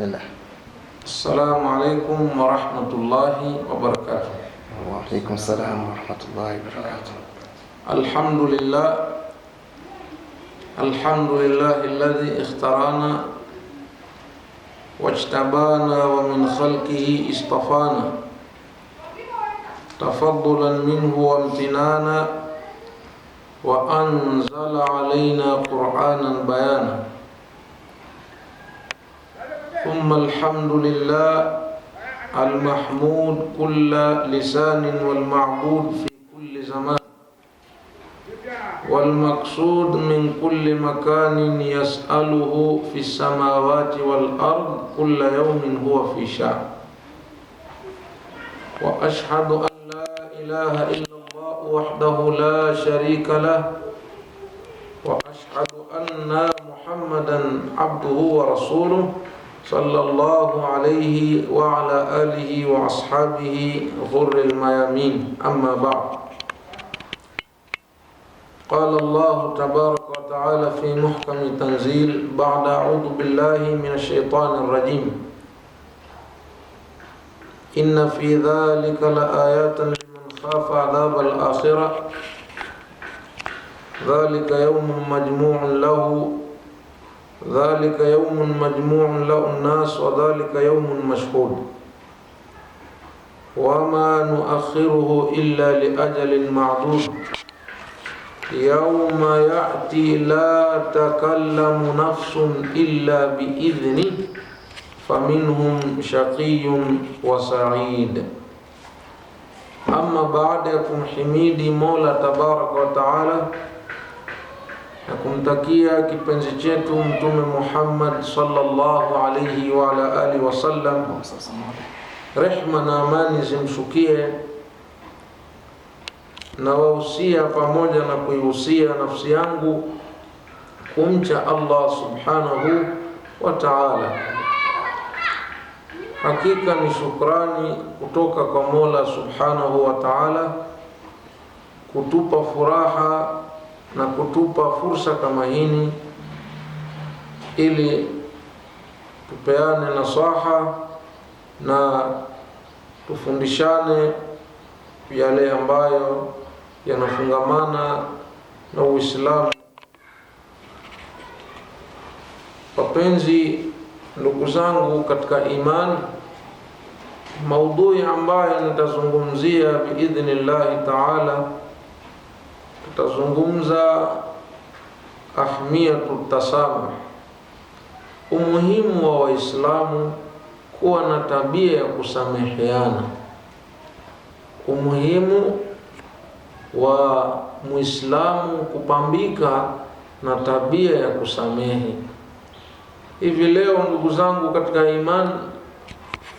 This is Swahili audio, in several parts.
بسم الله السلام عليكم ورحمة الله وبركاته وعليكم السلام ورحمة الله وبركاته الحمد لله الحمد لله الذي اختارنا واجتبانا ومن خلقه اصطفانا تفضلا منه وامتنانا وأنزل علينا قرآنا بيانا ثم الحمد لله المحمود كل لسان والمعبود في كل زمان والمقصود من كل مكان يسأله في السماوات والأرض كل يوم هو في شأن وأشهد أن لا إله إلا الله وحده لا شريك له وأشهد أن محمدا عبده ورسوله صلى الله عليه وعلى آله وأصحابه غر الميامين أما بعد قال الله تبارك وتعالى في محكم تنزيل بعد أعوذ بالله من الشيطان الرجيم إن في ذلك لآيات لمن خاف عذاب الآخرة ذلك يوم مجموع له ذلك يوم مجموع له الناس وذلك يوم مشهود وما نؤخره إلا لأجل معدود يوم يأتي لا تكلم نفس إلا بإذنه فمنهم شقي وسعيد أما بعدكم حميدي مولى تبارك وتعالى na kumtakia kipenzi chetu Mtume Muhammad sallallahu alayhi wa ala alihi wasallam rehma na amani zimshukie, na wahusia pamoja na kuihusia nafsi yangu kumcha Allah subhanahu wa ta'ala. Hakika ni shukrani kutoka kwa Mola subhanahu wa ta'ala kutupa furaha na kutupa fursa kama hini ili tupeane nasaha na tufundishane yale ambayo yanafungamana na Uislamu. Wapenzi ndugu zangu katika imani, maudhui ambayo nitazungumzia biidhnillahi taala tutazungumza ahmiyatu tasamuh, umuhimu wa Waislamu kuwa na tabia ya kusameheana, umuhimu wa Muislamu kupambika na tabia ya kusamehe. Hivi leo ndugu zangu katika imani,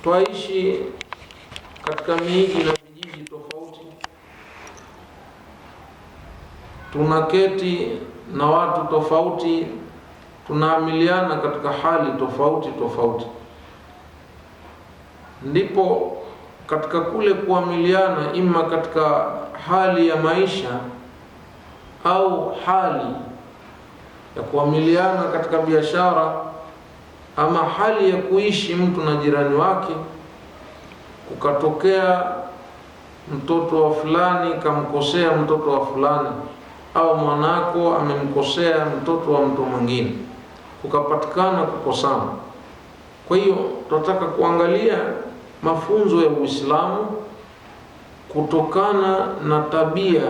twaishi katika miji na tunaketi na watu tofauti, tunaamiliana katika hali tofauti tofauti. Ndipo katika kule kuamiliana, ima katika hali ya maisha au hali ya kuamiliana katika biashara, ama hali ya kuishi mtu na jirani wake, kukatokea mtoto wa fulani kamkosea mtoto wa fulani au mwanako amemkosea mtoto wa mtu mwingine, kukapatikana kukosana. Kwa hiyo tunataka kuangalia mafunzo ya Uislamu kutokana na tabia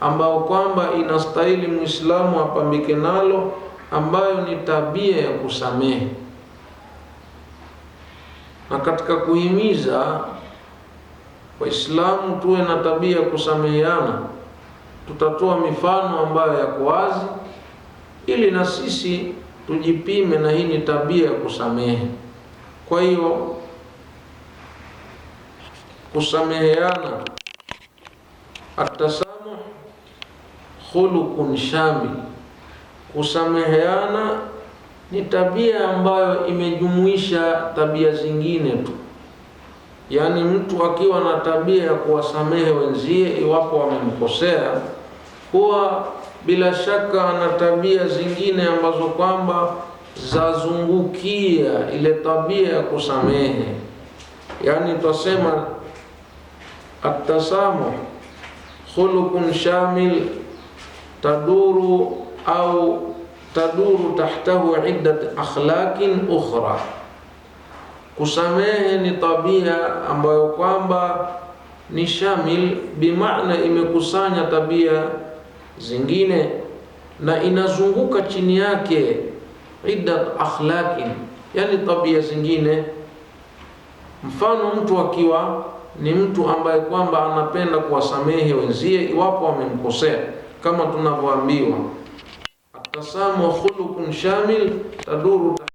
ambayo kwamba inastahili Muislamu apambike nalo, ambayo ni tabia ya kusamehe na katika kuhimiza Waislamu tuwe na tabia ya kusameheana tutatoa mifano ambayo yako wazi, ili na sisi tujipime, na hii ni tabia ya kusamehe. Kwa hiyo kusameheana, atasamuh khuluqun shamil, kusameheana ni tabia ambayo imejumuisha tabia zingine tu yaani mtu akiwa na tabia ya kuwasamehe wenzie iwapo wamemkosea, huwa bila shaka ana tabia zingine ambazo kwamba zazungukia ile tabia ya kusamehe, yaani twasema atasamuh khuluqun shamil taduru au taduru tahtahu iddat akhlaqin ukhra Kusamehe ni tabia ambayo kwamba ni shamil, bimaana imekusanya tabia zingine na inazunguka chini yake iddat akhlaqi, yani tabia zingine. Mfano, mtu akiwa ni mtu ambaye kwamba anapenda kuwasamehe wenzie iwapo wamemkosea, kama tunavyoambiwa atasamu khuluqun shamil taduru